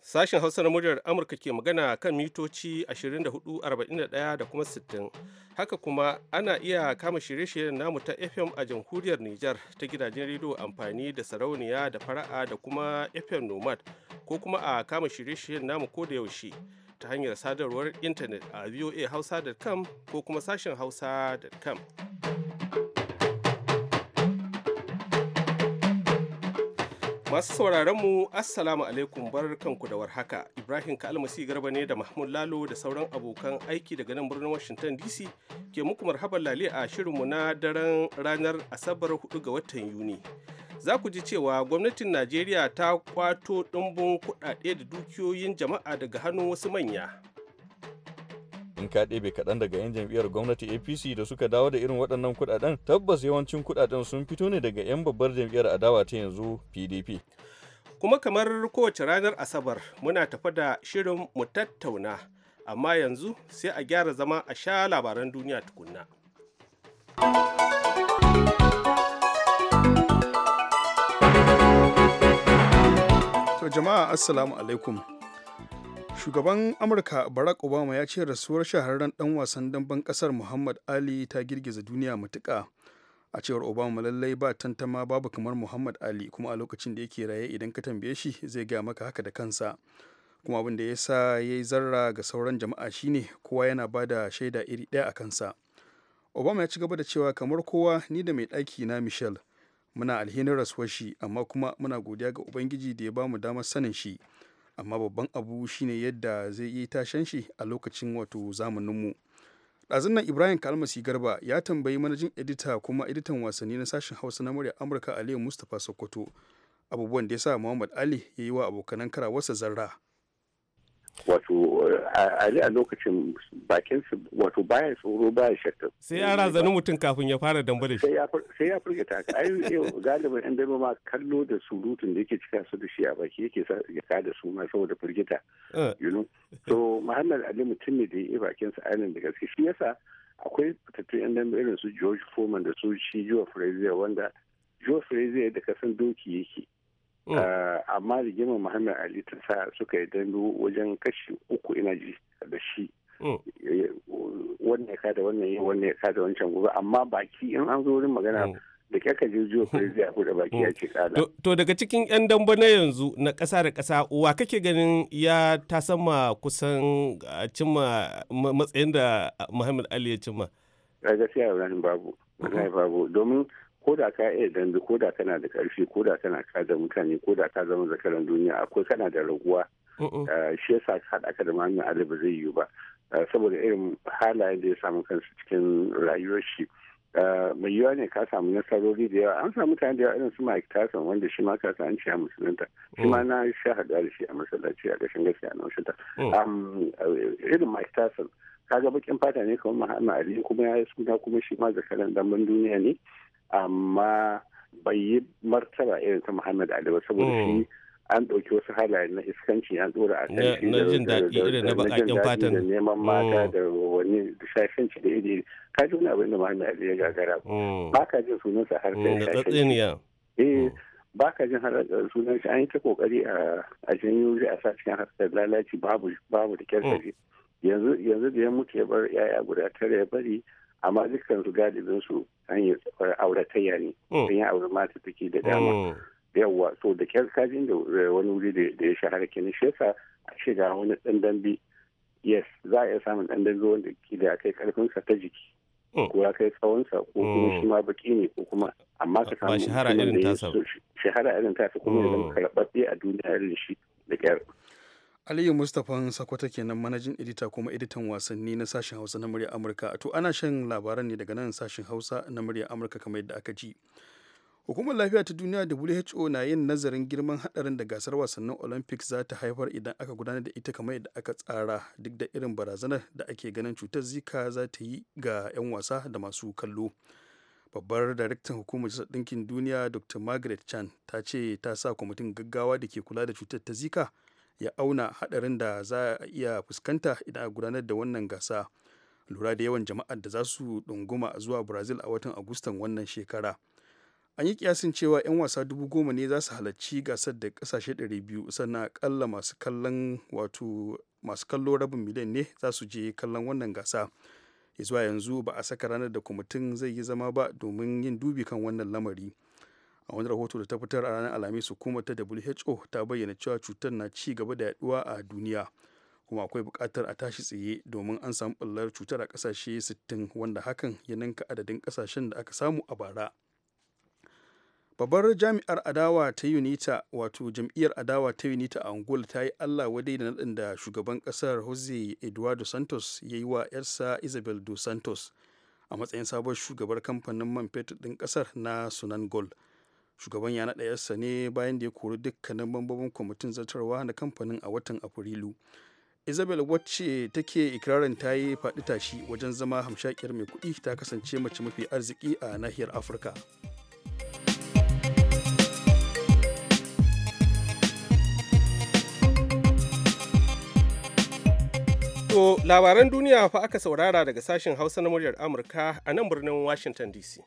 Sashen Hausa na muryar Amurka ke magana kan mitoci 24,41 da kuma 60. Haka kuma ana iya kama shirye-shiryen namu ta FM a jamhuriyar Nijar ta gidajen rediyo amfani da sarauniya da fara'a da kuma FM Nomad ko kuma a kama shirye-shiryen namu ko da yaushe ta hanyar sadarwar intanet a voahausa.com ko kuma sashen hausa.com. Masu sauraron mu Assalamu alaikum barkanku da warhaka. Ibrahim Kalmasi Garba ne da Mahmud Lalo da sauran abokan aiki daga nan birnin Washington DC ke muku marhaban lali a shirinmu na daren ranar Asabar 4 ga watan Yuni. Za ku ji cewa gwamnatin Najeriya ta kwato ɗumbin kuɗaɗe da dukiyoyin jama'a daga hannun wasu manya. in ka ɗebe kaɗan daga 'yan jam'iyyar gwamnati apc da suka dawo da irin waɗannan kuɗaɗen tabbas yawancin kuɗaɗen sun fito ne daga 'yan babbar jam'iyyar adawa ta yanzu pdp kuma kamar kowace ranar asabar muna tafa da shirin mu tattauna amma yanzu sai a gyara zama a sha labaran duniya tukunna jama'a assalamu alaikum shugaban amurka barack obama ya ce rasuwar shahararren dan wasan damben kasar muhammad ali ta girgiza duniya matuka a cewar obama lallai ba tantama babu kamar muhammad ali kuma a lokacin da yake raye idan ka tambaye shi zai gaya maka haka da kansa kuma abin da ya sa ya yi zarra ga sauran jama'a shine kowa yana ba da shaida iri ɗaya a kansa obama ya ci gaba da cewa kamar kowa ni da mai ɗaki na michelle muna alhinin rasuwar shi amma kuma muna godiya ga ubangiji da ya bamu damar sanin shi amma babban abu shine yadda zai yi tashen shi a lokacin wato zamaninmu ɗazun nan ibrahim kalmasi garba ya tambayi manajin edita kuma editan wasanni na sashen hausa na murya amurka aliyu mustapha sokoto abubuwan da ya sa muhammad ali ya yi wa abokanan karawarsa zarra wato eh, ali a lokacin bakin su wato baya tsoro baya shakka sai ya razani mutum kafin ya fara dambe da shi sai ya furgita ka ai galibin yan ba ma kallo da surutun da yake cika su da shi a baki yake sa ya kada su ma saboda firgita. Eh. you know so muhammad ali mutum ne da ya bakin sa ainihin da gaske shi yasa akwai fitattun yan dambe irin su george foreman da su shi joe frazier wanda joe frazier da kasan doki yake Mm. Eh, amma rigimar muhammad ali ta sa suka yi dambe wajen kashi uku ina ji da shi mm. eh, wannan ya kada wannan yi wannan ya kada wancan gobe amma baki in an zo wurin magana mm. da kyaka zuwa firji a buɗe baki ya ce kada. To daga cikin 'yan dambe na yanzu na ƙasa da ƙasa wa kake ganin ya ta sama kusan cimma matsayin da Muhammad Ali ya cimma? Gaskiya Ibrahim babu. Wallahi babu domin ko da ka iya dambe ko da kana da karfi ko da kana da mutane ko da ka zama zakaran duniya akwai kana da raguwa eh, shi yasa hada ka da mamin ali ba zai yiwu ba eh, saboda irin halayen da ya samu kansu cikin rayuwar shi eh, mai yiwuwa ne ka samu nasarori da yawa an samu mutane da yawa irin su Mike Tyson wanda shi ma ka san ci a musulunta shi ma mm. na sha haɗuwa da shi a masallaci a ƙashin gaskiya na ta mm. irin Mike Tyson kaga bakin fata ne kamar Muhammad Ali kuma ya yi suna kuma shi ma zakaran damban duniya ne amma bai yi martaba irin ta Muhammad Ali ba saboda shi hmm. an ɗauki wasu halaye na iskanci an tsora a kan shi jin irin na da neman mata hmm. da wani da da iri ka ji wani abin da Muhammad Ali ya gagara hmm. ba ka jin sa har da shashanci eh ba ka jin har da sunan shi an yi ta kokari a janyo a sa cikin harkar lalaci babu babu da kyarkare yanzu da ya mutu ya bar yaya guda tare ya bari amma dukkan su galibin su an yi auratayya ne sun mm. yi aure mata take da dama mm. yawwa so da kyar kajin da wani wuri da ya shahara kenan shi yasa a shiga wani dan yes za a iya samun dan wanda ke da kai karfinsa ta jiki mm. ko ya kai tsawonsa ko kuma shi ma baki ne ko kuma amma ka samu shahara irin tasa shahara irin tasa kuma ya zama karɓaɓɓe a duniya irin shi da kyar Aliyu Mustapha Sakwata kenan manajin edita kuma editan wasanni na sashen Hausa na murya Amurka. To ana shan labaran ne daga nan sashen Hausa na murya Amurka kamar yadda aka ji. Hukumar Lafiya ta Duniya WHO na yin nazarin girman hadarin da gasar wasannin Olympics za ta haifar idan aka gudanar da ita kamar yadda aka tsara duk da irin barazanar da ake ganin cutar Zika za ta yi ga 'yan wasa da masu kallo. babbar daraktan hukumar jisar ɗinkin duniya dr margaret chan ta ce ta sa kwamitin gaggawa da ke kula da cutar ta zika ya auna hadarin da za a iya fuskanta idan a gudanar da wannan gasa lura da yawan jama'ar da za su ɗunguma zuwa brazil a watan agustan wannan shekara an yi kiyasin cewa 'yan wasa dubu goma ne za su halarci gasar da kasashe biyu sannan akalla masu kallon wato masu kallo rabin miliyan ne za su je kallon wannan gasa zuwa yanzu ba a saka ranar da kwamitin zai yi zama ba domin yin dubi kan wannan lamari a wani rahoto da ta fitar a ranar alhamis hukumar ta who ta bayyana cewa cutar na ci gaba da yaduwa a duniya kuma akwai buƙatar a tashi tsaye domin an samu ɓullar cutar a ƙasashe 60 wanda hakan ya ninka adadin ƙasashen da aka samu a bara babbar jami'ar adawa ta unita wato jam'iyyar adawa ta unita a angola ta yi allah wadai da naɗin da shugaban ƙasar jose eduardo santos ya yi wa 'yarsa isabel dos santos a matsayin sabon shugabar kamfanin man fetur ɗin ƙasar na sunan gold shugaban ya naɗa yarsa ne bayan da ya kori dukkanin mambobin kwamitin zartarwa na kamfanin a watan afrilu isabel wacce take ikirarin ta yi faɗi tashi wajen zama hamshakiyar mai kuɗi ta kasance mace mafi arziki a nahiyar afirka To labaran duniya fa aka saurara daga sashen Hausa na muryar Amurka a nan birnin Washington DC.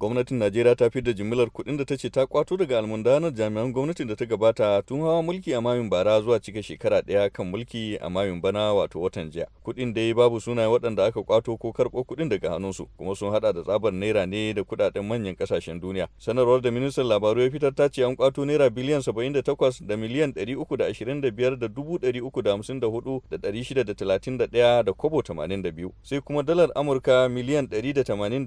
gwamnatin najeriya ta fi da jimillar kuɗin da ta ce ta kwato daga almundanar jami'an gwamnatin da ta gabata tun hawa mulki a mayun bara zuwa cika shekara daya kan mulki a mayun bana wato watan jiya kuɗin dai babu sunayen waɗanda aka kwato ko karɓo kuɗin daga hannunsu kuma sun hada da tsabar naira ne da kuɗaɗen manyan kasashen duniya sanarwar da ministan labaru ya fitar ta ce an kwato naira biliyan saba'in da takwas da miliyan ɗari uku da ashirin da biyar da dubu ɗari uku da hamsin da hudu da ɗari shida da talatin da ɗaya da kobo tamanin da biyu sai kuma dalar amurka miliyan ɗari da tamanin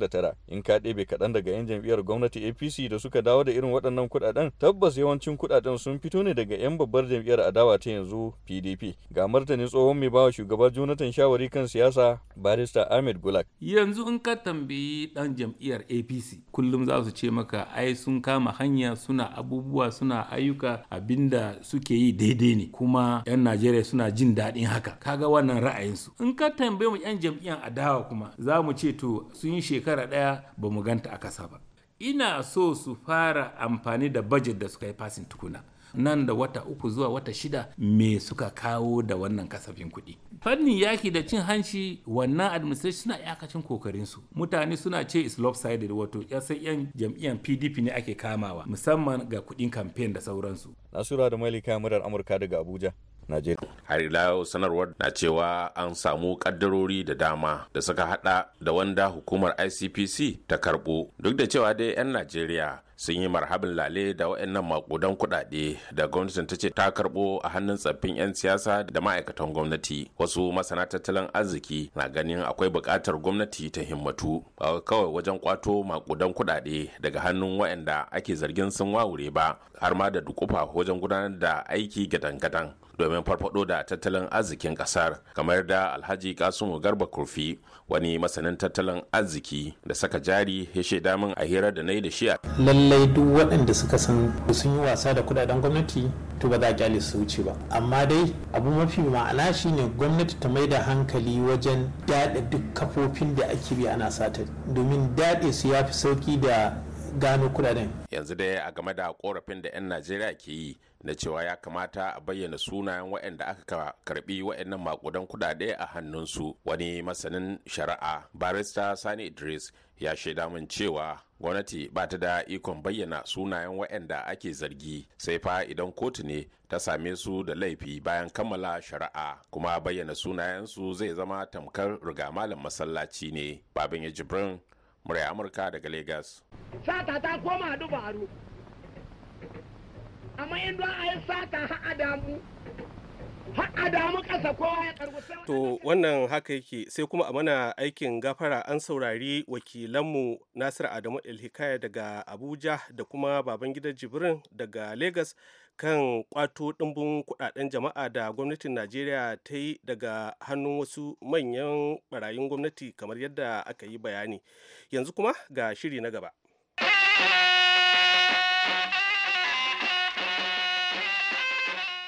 69 in ka ɗebe kaɗan daga 'yan jam'iyyar gwamnati apc da suka dawo da irin waɗannan kuɗaɗen tabbas yawancin kuɗaɗen sun fito ne daga 'yan babbar jam'iyyar adawa ta yanzu pdp ga martanin tsohon mai bawa shugaba jonathan shawari kan siyasa barista ahmed gulak yanzu in ka tambayi ɗan jam'iyyar apc kullum za su ce maka ai sun kama hanya suna abubuwa suna ayyuka abinda suke yi daidai ne kuma 'yan najeriya suna jin daɗin haka kaga wannan ra'ayinsu in ka tambayi mu 'yan jam'iyyar adawa kuma za mu ce to sun yi shekaru shekara ɗaya ba mu ganta a kasa ba ina so su fara amfani da budget da suka yi fasin tukuna nan da wata uku zuwa wata shida me suka kawo da wannan kasafin kuɗi. Fannin yaki da cin hanci wannan administration suna yakacin kokarinsu. Mutane suna ce is lopsided wato sai yan jam'iyyar PDP ne ake kamawa musamman ga kuɗin kamfen da sauransu. Nasura da Malika murar Amurka daga Abuja. Najeriya. Har ila yau sanarwar na cewa an samu kaddarori da dama da suka hada da wanda hukumar ICPC ta karbo duk da cewa dai 'yan Najeriya sun yi marhabin lale da waɗannan makudan kudade da gwamnatin ta ce ta karbo a hannun tsaffin 'yan siyasa da ma'aikatan gwamnati wasu masana tattalin arziki na ganin akwai buƙatar gwamnati ta himmatu ba kawai wajen kwato makudan kudade daga hannun wayanda ake zargin sun wawure ba har ma da dukufa wajen gudanar da aiki gadan-gadan domin farfado da tattalin arzikin kasar kamar da alhaji kasumu garba kurfi wani masanin tattalin arziki da saka jari ya shaida damin a hira da na yi da shi a. lallai duk waɗanda suka san sun yi wasa da kudaden gwamnati to ba za a kyale su wuce ba amma dai abu mafi ma'ana shine gwamnati ta mai da hankali wajen daɗe duk kafofin da ake bi ana satar domin daɗe su ya fi sauki da gano kudaden yanzu dai a game da korafin da 'yan najeriya ke yi na cewa ya kamata a bayyana sunayen waɗanda aka karbi waɗannan makudan kudade a hannunsu wani masanin shari'a barista sani idris ya shaida min cewa gwamnati ba ta da ikon bayyana sunayen waɗanda ake zargi sai fa idan kotu ne ta same su da laifi bayan kammala shari'a kuma bayyana sunayen su zai zama tamkar riga malam masallaci ne babin ya jibrin murai amurka daga lagos sata ta koma dubaru amma in don a yi sata har adamu To wannan haka yake sai kuma a mana aikin gafara an saurari wakilanmu Nasir Adamu Ilhikaya daga Abuja da kuma baban gidan Jibrin daga Legas kan kwato ɗimbin kudaden jama'a da gwamnatin najeriya ta yi daga hannun wasu manyan barayin gwamnati kamar yadda aka yi bayani yanzu kuma ga shiri na gaba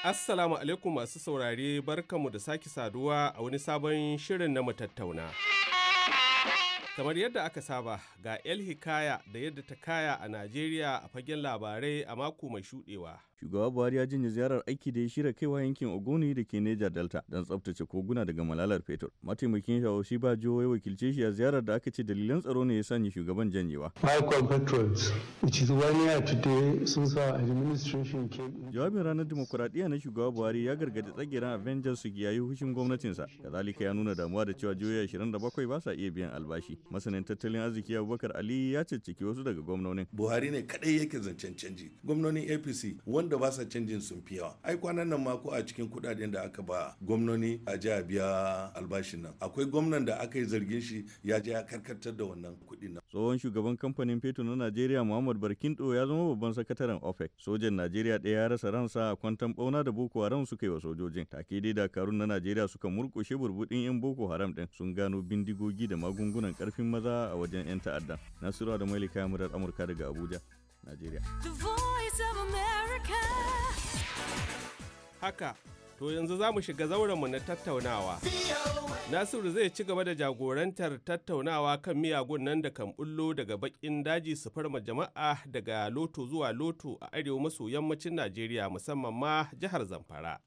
assalamu alaikum masu saurare barkanmu da sake saduwa a wani sabon shirin na mu tattauna kamar yadda aka saba ga el hikaya da yadda ta kaya a najeriya a fagen labarai a mako mai shudewa Shugaba Buhari ya janye ziyarar aiki da ya shirya kaiwa yankin Ogoni da ke Niger Delta don tsabtace koguna daga malalar fetur. Mataimakin shawo shi ba jihohi wakilce shi a ziyarar da aka ce dalilan tsaro ne ya sanya shugaban janyewa. Jawabin ranar dimokuraɗiyya na shugaba Buhari ya gargaɗi tsagiran Avengers su giyayi hushin gwamnatinsa. Kazalika ya nuna damuwa da cewa jihohi bakwai ba sa iya biyan albashi. Masanin tattalin arziki Abubakar Ali ya cicciki wasu daga gwamnonin. Buhari ne kaɗai yake zancen canji. Gwamnonin APC wanda wanda ba sa canjin sun fi yawa ai kwanan nan ma ko a cikin kudaden da aka ba gwamnoni a a biya albashin nan akwai gwamnan da aka yi zargin shi ya je ya karkatar da wannan kuɗi nan tsohon shugaban kamfanin fetur na Najeriya Muhammad Barkindo ya zama babban sakataren OPEC sojan Najeriya ɗaya ya rasa ransa a kwantan bauna da Boko Haram suka yi wa sojojin take dai dakarun na Najeriya suka murkushe burbudin yan Boko Haram din sun gano bindigogi da magungunan karfin maza a wajen yan ta'adda Nasiru da Malika Murar Amurka daga Abuja Najeriya Haka, to yanzu za mu shiga zaurenmu na tattaunawa. Nasiru zai ci gaba da jagorantar tattaunawa kan miyagun nan da kan bullo daga bakin daji su farma jama'a daga loto zuwa loto a arewa maso yammacin Najeriya musamman ma jihar Zamfara.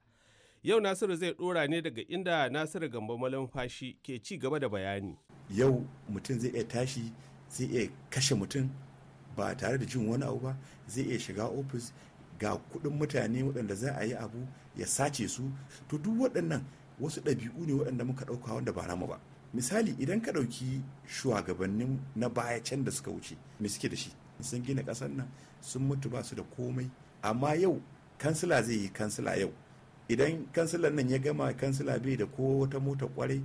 Yau Nasiru zai ɗora ne daga inda Nasiru Gambo Malumfashi ke ci gaba da bayani. Yau mutum zai iya tashi zai iya kashe mutum ba tare da jin wani abu ba zai iya shiga ofis ga kudin mutane waɗanda za a yi abu ya sace su to duk waɗannan wasu ɗabi'u ne waɗanda muka ɗauka wanda ba namu ba misali idan ka ɗauki shugabannin na baya can da suka wuce me suke da shi sun gina ƙasar nan sun mutu ba su da komai amma yau kansila zai yi kansila yau idan kansilan nan ya gama kansila bai da ko wata mota kwarai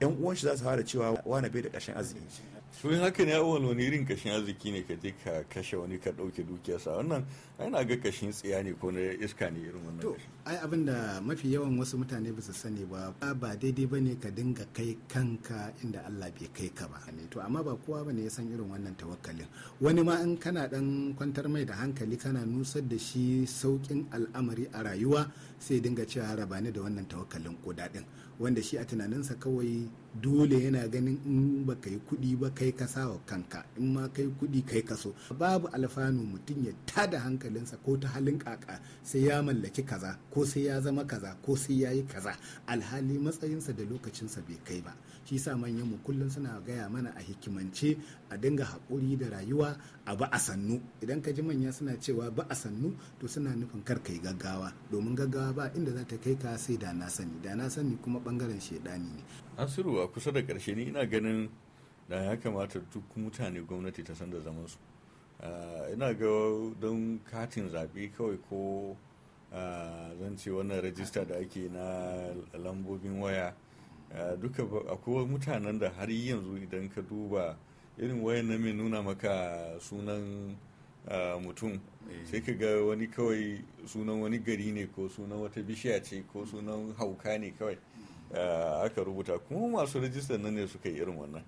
yan uwan shi za su fara cewa wane bai da ƙashin arziki sun haka ne awal wani irin kashin arziki ne ka je ka kashe wani ka ɗauke dukiyarsa wannan yana ga kashin tsiya ne ko na iska ne irin wannan to ai abin mafi yawan wasu mutane ba su sani ba ba daidai ba ne ka dinga kai kanka inda Allah bai kai ka ba ne to amma ba kowa ne ya san irin wannan tawakkalin wani ma in kana dan kwantar mai da hankali kana nusar da shi saukin al'amari a rayuwa sai dinga cewa raba ni da wannan tawakkalin koda din wanda shi a tunaninsa kawai dole yana ganin in ba yi kuɗi ba kai ka sawa kanka in ma kai kuɗi kai kaso babu alfanu mutum ya tada hankali hankalinsa ko ta halin kaka sai ya mallaki kaza ko sai ya zama kaza ko sai ya yi kaza alhali matsayinsa da lokacinsa bai kai ba shi sa manyan mu kullum suna gaya mana a hikimance a dinga haƙuri da rayuwa a ba a sannu idan ka ji manya suna cewa ba a sannu to suna nufin kar kai gaggawa domin gaggawa ba inda za ta kai ka sai da na sani da na sani kuma bangaren shedani ne asiru a kusa da karshe ni ina ganin da ya kamata duk mutane gwamnati ta san da zaman su Eh, ina ga don katin zaɓe kawai ko eh, zan ce wannan rajista da ake na lambobin waya eh, duka akwai mutanen da har yanzu idan ka duba irin wayan na mai nuna maka sunan mutum sai ka ga wani kawai sunan wani gari ne ko sunan wata bishiya ce ko sunan hauka ne kawai aka rubuta kuma masu rajistar nan ne suka yi irin wannan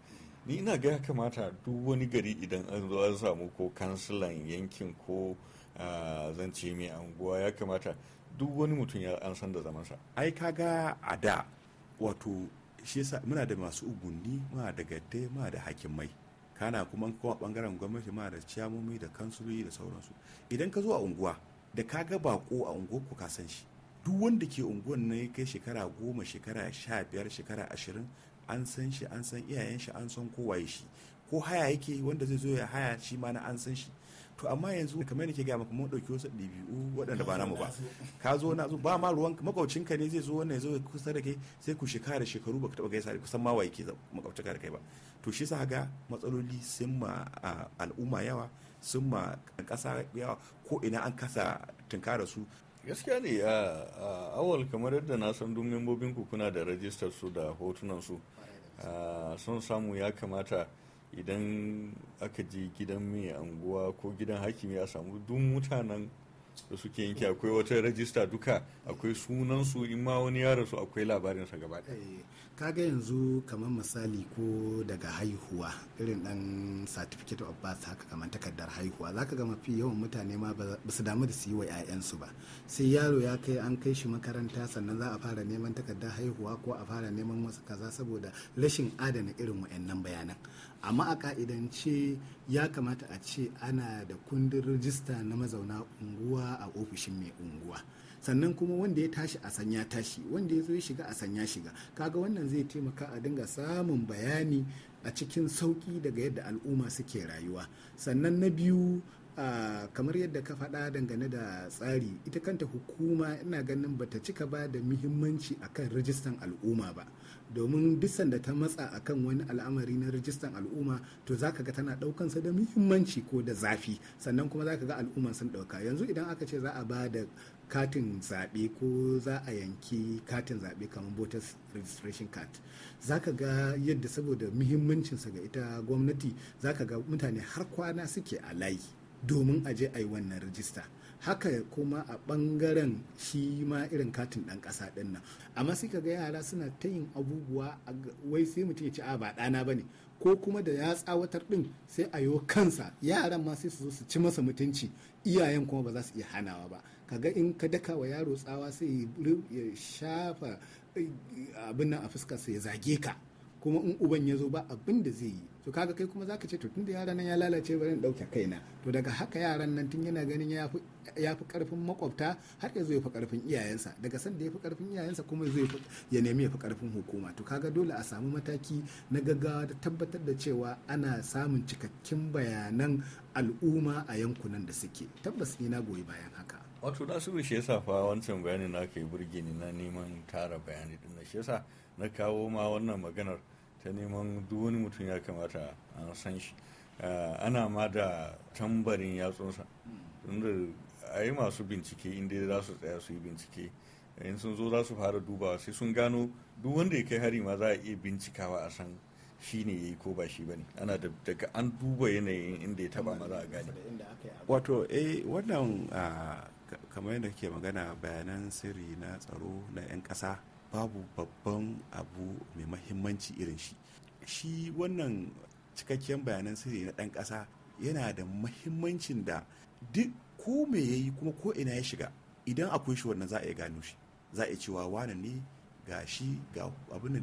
ni ina ga ya kamata duk wani gari idan an zo an samu ko kansilan yankin ko zance mai anguwa ya kamata duk wani mutum ya an san da zamansa ai kaga a da wato shi yasa muna da masu ugunni muna da gadde muna da hakimai kana kuma kuma bangaren gwamnati muna da ciyamomi da kansuloyi da sauransu idan ka zo a unguwa da ka ga bako a unguwar ku ka san shi duk wanda ke unguwan na ya kai shekara goma shekara sha biyar shekara ashirin an san shi an san iyayen shi an san kowaye shi ko haya yake wanda zai zo ya haya shi ma na an san shi to amma yanzu kamar yake ga maka mun dauki wasu dabi'u waɗanda ba namu ba ka zo na zo ba ma ruwan ka ne zai zo wannan zo kusa da kai sai ku shekara shekaru baka taba gaisa kusan ma waye ke makwabcinka da kai ba to shi sa ga matsaloli sun ma al'umma yawa sun ma ƙasa yawa ko ina an kasa tunkara su gaskiya ne a awal kamar yadda na san duk membobin ku kuna da rajistar su da hotunan su Ah, son samu ya kamata idan aka je gidan mai anguwa ko gidan hakimi a samu duk mutanen da suke yanki akwai wata rajista duka akwai sunansu in ma wani ya rasu akwai labarinsa gaba eh, kaga yanzu kamar misali ko daga haihuwa irin dan certificate of birth haka kamar takardar haihuwa zaka ga mafi yawan mutane ma ba su damu da su yi wa 'ya'yansu ba sai yaro ya kai an kai shi makaranta sannan za a fara neman takardar haihuwa ko a fara neman wasu kaza saboda rashin adana irin wa'annan bayanan amma a ka'idance ya kamata a ce ana da kundin rijista na mazauna unguwa a ofishin mai unguwa sannan kuma wanda ya tashi a sanya tashi wanda ya zo shiga a sanya shiga kaga wannan zai taimaka a dinga samun bayani a cikin sauki daga yadda al'umma suke rayuwa sannan na biyu Uh, kamar yadda ka faɗa dangane da tsari ita kanta hukuma ina ganin bata cika ba da muhimmanci akan rijistan al'umma ba domin duk da ta matsa akan wani al'amari na rijistan al'umma to zaka ga tana ɗaukansa da muhimmanci ko da zafi sannan kuma zaka ga al'umma sun ɗauka yanzu idan aka ce za a ba da katin zaɓe ko za a yanki katin zaɓe kamar voters registration card za ka ga yadda saboda muhimmancinsa ga ita gwamnati za ka ga mutane har kwana suke a layi domin a je a yi wannan rajista haka kuma a bangaren shi ma irin katin dan kasa din nan amma sai kaga yara suna ta yin abubuwa wai sai mutum ya ci a ba dana bane ko kuma da ya tsawatar din sai a yo kansa yaran ma sai su zo su ci masa mutunci iyayen kuma ba za su iya hanawa ba kaga in ka daka wa yaro tsawa sai ya shafa eh, abin nan a fuskar sa ya zage ka kuma in uban ya zo ba abin da zai yi to kaga kai kuma zaka ce to tunda yaran nan ya lalace bari in dauke kaina to daga haka yaran nan tun yana ganin ya fi karfin makwabta har ya zo ya fi karfin iyayensa daga san da ya fi karfin iyayensa kuma zai ya nemi ya fi karfin hukuma to kaga dole a samu mataki na gaggawa da tabbatar da cewa ana samun cikakken bayanan al'umma a yankunan da suke tabbas ni na goyi bayan haka wato su shi yasa fa wancan bayanin na yi burge ni na neman tara bayani din shi yasa na kawo ma wannan maganar ta neman duk wani mutum ya kamata an san shi eh, ana ma da tambarin yatsunsa inda a yi masu bincike inda za su tsaya su yi bincike in sun zo za su fara dubawa sai sun gano duk wanda ya kai hari ma za a iya bincikawa a san shi ne ya yi ko ba shi ba ne ana daga an duba yanayin inda ya taba ma za a gane wato eh wannan ah, kamar yadda ke magana bayanan sirri na tsaro na 'yan ƙasa babu babban abu mai mahimmanci irin shi shi wannan cikakken bayanan sirri na ɗan ƙasa yana da mahimmancin da duk ko me ya yi kuma ko ina ya shiga idan akwai shi wannan za a iya gano shi za a iya cewa wane ne ga shi ga abin da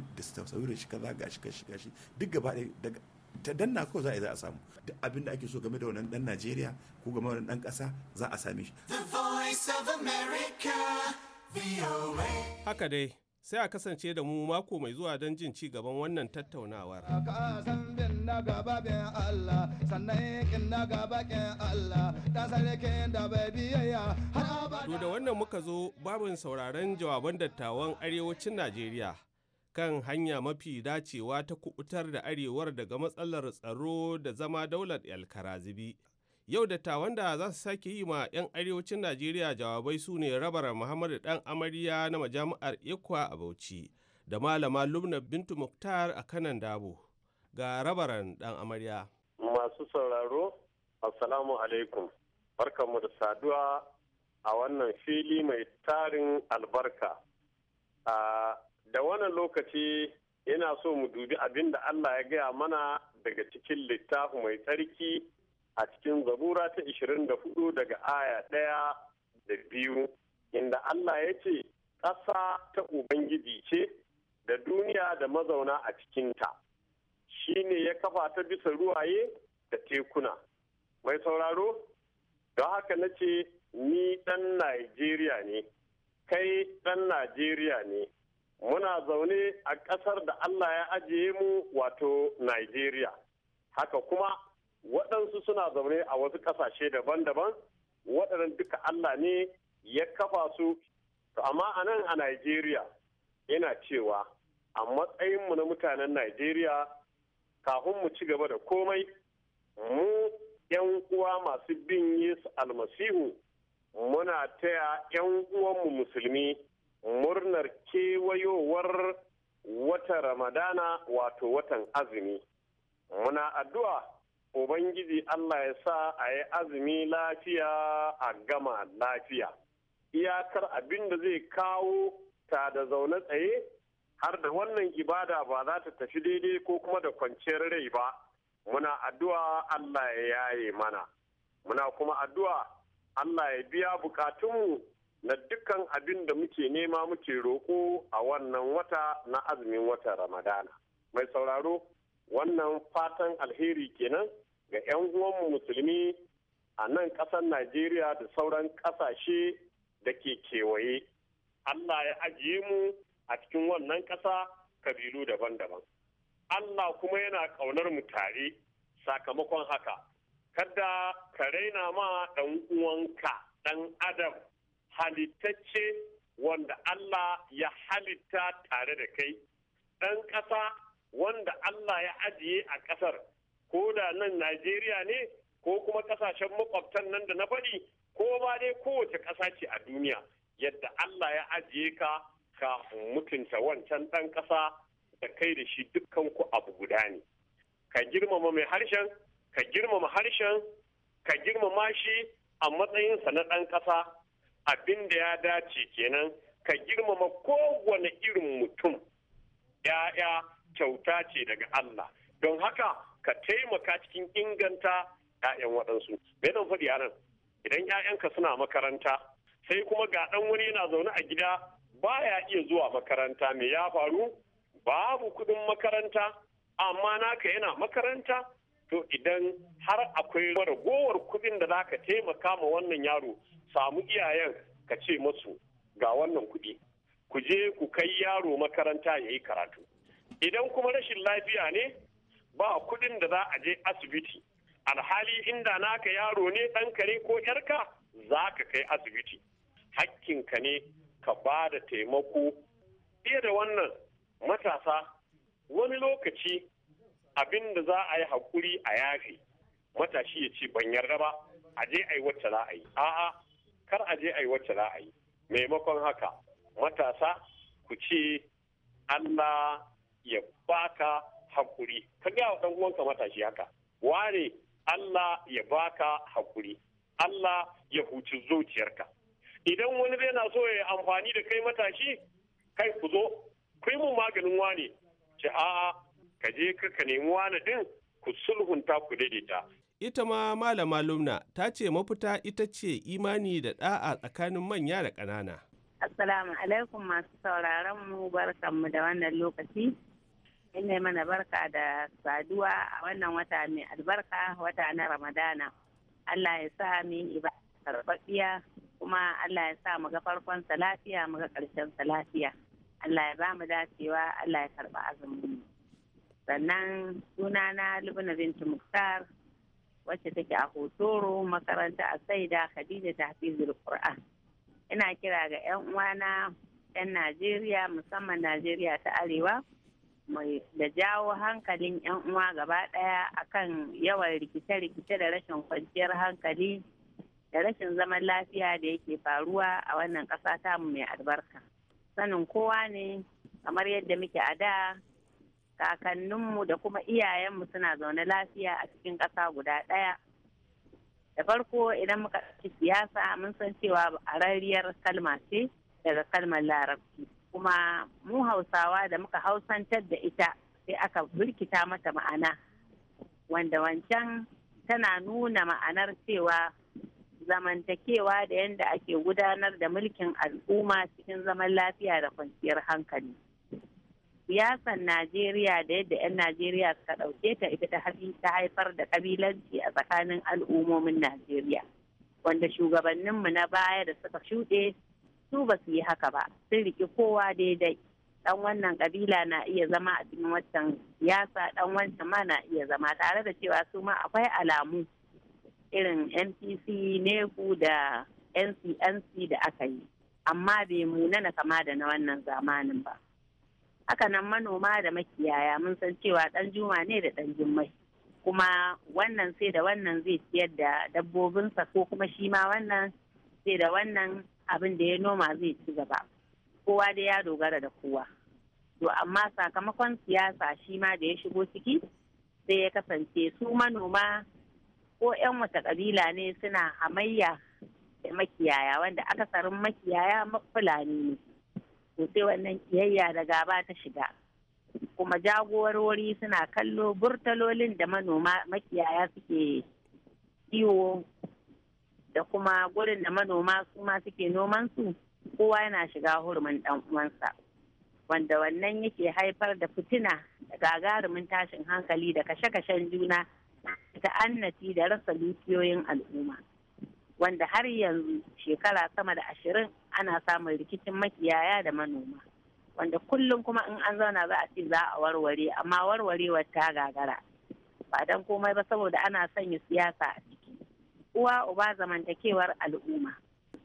da shi kaza ga shi ga shi ga shi duk gaba daga ta danna ko za a za a samu duk abin da ake so game da wannan dan Najeriya ko game da wannan dan ƙasa za a same shi. The Voice of America, Haka dai, sai a kasance da mu mako mai zuwa don jin ci gaban wannan tattaunawar. To da wannan muka zo babin sauraron jawaban dattawan arewacin Najeriya kan hanya mafi dacewa ta kubutar da arewar daga matsalar tsaro da zama daular alkarazibi Yau dattawan da za su sake yi ma 'yan arewacin Najeriya jawabai su ne rabara Muhammadu Dan Amarya na majami'ar Ikwa a Bauchi da malama Lubna Bintu Muktar a kanan Dabo ga rabaran Dan Amarya. Masu sauraro, Assalamu alaikum. Barkanmu da saduwa a wannan fili mai tarin albarka. Da wannan lokaci yana so mu dubi abin da Allah ya gaya mana daga cikin littafi mai tsarki a cikin zabura ta 24 daga aya ɗaya da biyu inda Allah ya ce ƙasa ta Ubangiji ce da duniya da mazauna a cikinta shi ne ya kafa ta bisa ruwaye da tekuna mai sauraro don haka na ce ni ɗan Najeriya ne kai ɗan Najeriya ne muna zaune a ƙasar da Allah ya ajiye mu wato Najeriya haka kuma waɗansu suna zaune a wasu ƙasashe daban-daban waɗannan duka Allah ne ya kafa su to amma a nan a Najeriya yana cewa a matsayinmu na mutanen Najeriya kafin mu ci gaba da komai mu 'yan uwa masu bin Yesu almasihu muna taya 'yan uwanmu musulmi murnar kewayowar wata ramadana wato watan azumi muna addu'a Ubangiji Allah ya sa a yi azumi lafiya a gama lafiya. Iyakar abin da zai kawo ta da zaune tsaye har da wannan ibada ba za ta tafi daidai ko kuma da kwanciyar rai ba. Muna addu'a Allah ya yaye mana. Muna kuma addu'a Allah ya biya bukatunmu na dukkan abin da muke nema muke roƙo a wannan wata na azumin watan Ramadana. Mai sauraro, wannan fatan alheri kenan. ga 'yan uwan musulmi a nan ƙasar najeriya da sauran ƙasashe da ke kewaye allah ya ajiye mu a cikin wannan ƙasa kabilu daban-daban allah kuma yana ƙaunar mu tare sakamakon haka kada ka raina ma ɗan uwanka ɗan adam halittacce wanda allah ya halitta tare da kai ɗan ƙasa wanda allah ya ajiye a ƙasar ko da nan najeriya ne ko kuma kasashen makwabtan nan da na faɗi ko ma dai kowace ƙasa ce a duniya yadda allah ya ajiye ka ka mutunta wancan ɗan ƙasa da kai da shi dukkan ku abu guda ne ka girmama mai harshen ka girmama harshen ka girmama shi a matsayinsa na ɗan ƙasa abin da ya dace kenan ka girmama kowane irin mutum ‘ya'ya kyauta ce daga Allah don haka ka taimaka cikin inganta 'ya'yan waɗansu me zan faɗi a nan idan 'ya'yanka suna makaranta sai kuma ga ɗan wani yana zaune a gida baya iya zuwa makaranta me ya faru babu kuɗin makaranta amma naka yana makaranta to idan har akwai ragowar kuɗin da zaka taimaka ma wannan yaro samu iyayen ka ce masu ga wannan kuɗi ku je ku kai yaro makaranta ya yi karatu idan kuma rashin lafiya ne ba kuɗin da za a je asibiti alhali inda naka yaro ne ɗanka ne ko yarka za ka kai asibiti Hakkin ka ne ka ba da taimako fiye da wannan matasa wani lokaci abin da za a yi hakuri a yafe matashi ya ce ban yarda ba a je a yi wacce za a yi a'a kar a je a yi wacce za a yi maimakon haka matasa ku ce Allah ya baka hakuri ka ga wa dan uwanka matashi haka wane Allah ya baka hakuri Allah ya huci zuciyarka idan wani zai na so ya amfani da kai matashi kai ku zo kai mu maganin wane ce a'a ka je ka nemi wane din ku sulhunta ku daidaita ita ma malama lumna ta ce mafita ita ce imani da da'a tsakanin manya da ƙanana assalamu alaikum masu sauraron mu mu da wannan lokaci ina mana barka da saduwa a wannan wata mai albarka wata na ramadana allah ya sa mu yi kuma allah ya sa mu ga farkon sa lafiya mu ga karshen sa lafiya allah ya ba mu dacewa allah ya karba azumin sannan sunana lubna binti muktar wacce take a hotoro makaranta a saida khadija tahfizul qur'an ina kira ga 'yan uwana 'yan najeriya musamman najeriya ta arewa da jawo hankalin 'yan uwa gaba daya akan yawan rikice-rikice da rashin kwanciyar hankali da rashin zaman lafiya da yake faruwa a wannan ƙasa tamu mai albarka sanin kowa ne kamar yadda muke a da kakanninmu da kuma iyayenmu suna zaune lafiya a cikin ƙasa guda ɗaya da farko idan muka ci siyasa mun san cewa a rariyar kalma ce daga kalmar larabci kuma mu hausawa da muka hausantar da ita sai aka birkita mata ma'ana wanda wancan tana nuna ma'anar cewa zamantakewa da yadda ake gudanar da mulkin al'umma cikin zaman lafiya da kwanciyar hankali siyasar najeriya da yadda 'yan najeriya suka ɗauke ta ita ta haifar da kabilanci a tsakanin al'ummomin najeriya wanda shugabanninmu na baya da suka shuɗe su ba su yi haka ba sun riki kowa daidai dan wannan kabila na iya zama a cikin wancan siyasa dan wancan ma na iya zama tare da cewa su ma akwai alamu irin npc neku da ncnc da aka yi amma bai munana kama da na wannan zamanin ba hakanan manoma da makiyaya mun san cewa dan juma ne da dan jummai kuma wannan sai da wannan zai ciyar da dabbobinsa ko kuma shi ma wannan sai da wannan abin da ya noma zai ci gaba kowa dai ya dogara da kowa to amma sakamakon siyasa shi ma da ya shigo ciki sai ya kasance su manoma ko 'yan wata kabila ne suna hamayya da makiyaya wanda akasarin makiyaya fulani ne to sai wannan kiyayya da gaba ta shiga kuma jagorori suna kallo burtalolin da manoma makiyaya suke kiwo da kuma gurin da manoma su ma suke noman su kowa yana shiga hurumin dan uwansa wanda wannan yake haifar da fitina da gagarumin tashin hankali da kashe-kashen juna ta annati da rasa dukiyoyin al'umma wanda har yanzu shekara sama da ashirin ana samun rikicin makiyaya da manoma wanda kullum kuma in an zauna za a ce za a warware amma warwarewar ta gagara ba don komai ba saboda ana sanya siyasa a ciki uwa uba zamantakewar al'umma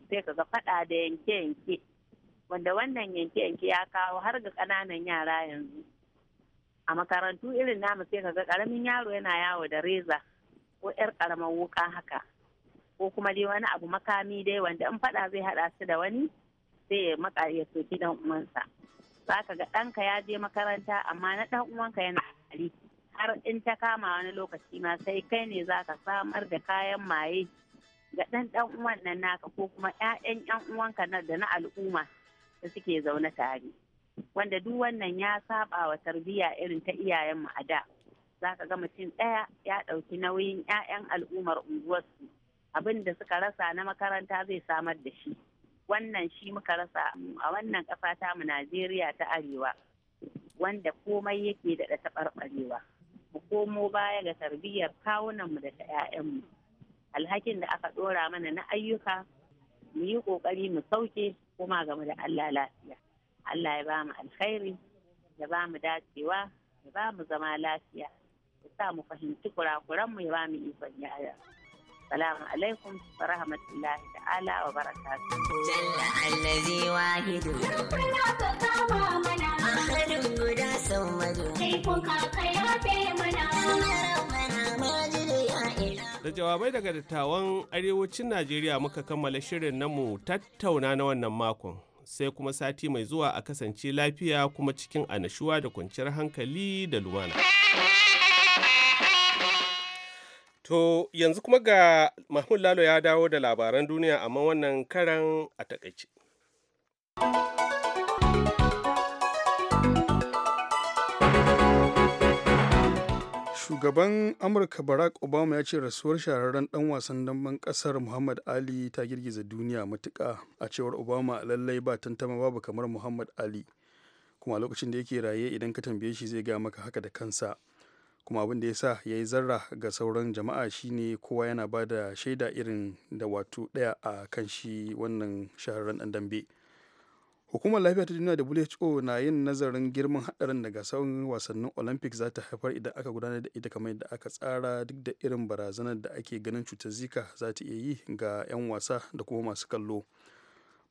sai ka ga faɗa da yanke-yanke wanda wannan yanke-yanke ya kawo har ga ƙananan yara yanzu a makarantu irin namu sai kaga ƙaramin yaro yana yawo da reza ko 'yar ƙaramar wuka haka ko kuma dai wani abu makami dai wanda in faɗa zai haɗa su da wani sai ya maka ya soki dan uwansa zaka ga ɗanka ya je makaranta amma na ɗan uwanka yana ƙari har in ta kama wani lokaci ma sai kai ne za ka samar da kayan maye ga ɗan ɗan uwan nan naka ko kuma ƴaƴan ƴan uwanka na da na al'umma da suke zaune tare wanda duk wannan ya saba wa tarbiyya irin ta iyayen mu a da za ka ga mutum ɗaya ya ɗauki nauyin ƴaƴan al'ummar unguwarsu abin da suka rasa na makaranta zai samar da shi wannan shi muka rasa a wannan ƙasa ta mu najeriya ta arewa wanda komai yake da taɓarɓarewa. mu komo baya ga tarbiyyar kawunanmu da ta 'ya'yanmu alhakin da aka ɗora mana na ayyuka mu yi ƙoƙari mu sauke kuma game da Allah lafiya Allah ya ba mu alkhairi ya ba mu dacewa ya ba mu zama lafiya ya sa mu fahimci kurakuranmu ya ba mu ikon yaya salamu alaikum wa rahmatullahi ta'ala wa barakatu da jawabai daga dattawan arewacin najeriya muka kammala shirin namu tattauna na wannan makon sai kuma sati mai zuwa a kasance lafiya kuma cikin anashuwa da kwanciyar hankali da lumana. To yanzu kuma ga Mahmud Lalo ya dawo da labaran duniya amma wannan karan a takaice. shugaban amurka barack obama ya ce rasuwar shahararren dan wasan damban kasar muhammad ali ta girgiza duniya matuka a cewar obama lallai ba tantama babu kamar muhammad ali kuma lokacin da yake raye idan ka tambaye shi zai ga maka haka da kansa kuma abin da ya sa ya yi zarra ga sauran jama'a shine kowa yana ba da shaida irin da wato daya a kan shi wannan shahararren dan dambe hukumar lafiya ta duniya who na yin nazarin girman hadarin da gasar wasannin olympics za ta haifar idan aka gudanar da ita kamar yadda aka tsara duk da irin barazanar da ake ganin cutar zika za ta iya yi ga 'yan wasa da kuma masu kallo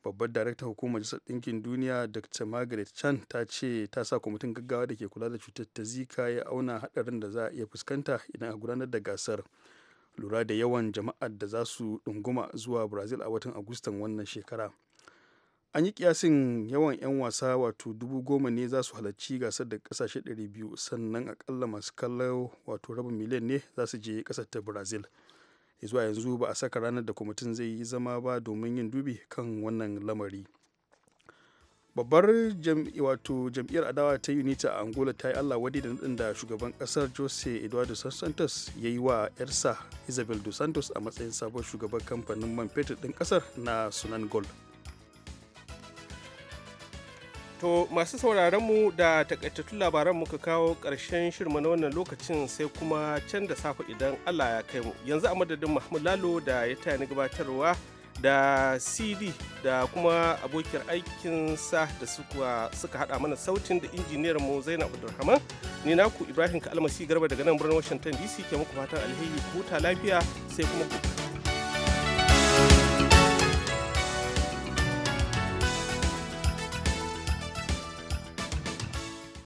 babbar darakta hukumar jisar ɗinkin duniya dr margaret chan ta ce ta sa kwamitin gaggawa da ke kula da cutar ta zika ya auna hadarin da za a iya fuskanta idan a gudanar da gasar lura da yawan jama'ar da za su ɗunguma zuwa brazil a watan agustan wannan shekara an yi kiyasin yawan 'yan wasa wato dubu goma ne za su halarci gasar da kasashe 200 sannan akalla masu kallo wato rabin miliyan ne za su je kasar ta brazil zuwa yanzu ba a saka ranar da kwamitin zai yi zama ba domin yin dubi kan wannan lamari babbar wato jam'iyyar adawa ta unita a angola ta yi allah wadi da nadin da shugaban kasar jose eduardo santos ya yi wa yarsa isabel dos santos a matsayin sabon shugaban kamfanin man fetur din kasar na sunan gold To masu mu da takaitattun labaran muka kawo ƙarshen shirma na wannan lokacin sai kuma can da safe idan Allah ya kai mu. Yanzu a madadin Mahmud Lalo da ya taya ni gabatarwa da CD da kuma abokiyar aikinsa da suka, suka haɗa mana sautin da injiniyar mu Zainab Abdulrahman. Ni naku Ibrahim Kalmasi Garba daga nan birnin Washington DC ke muku fatan alheri huta lafiya sai kuma ku.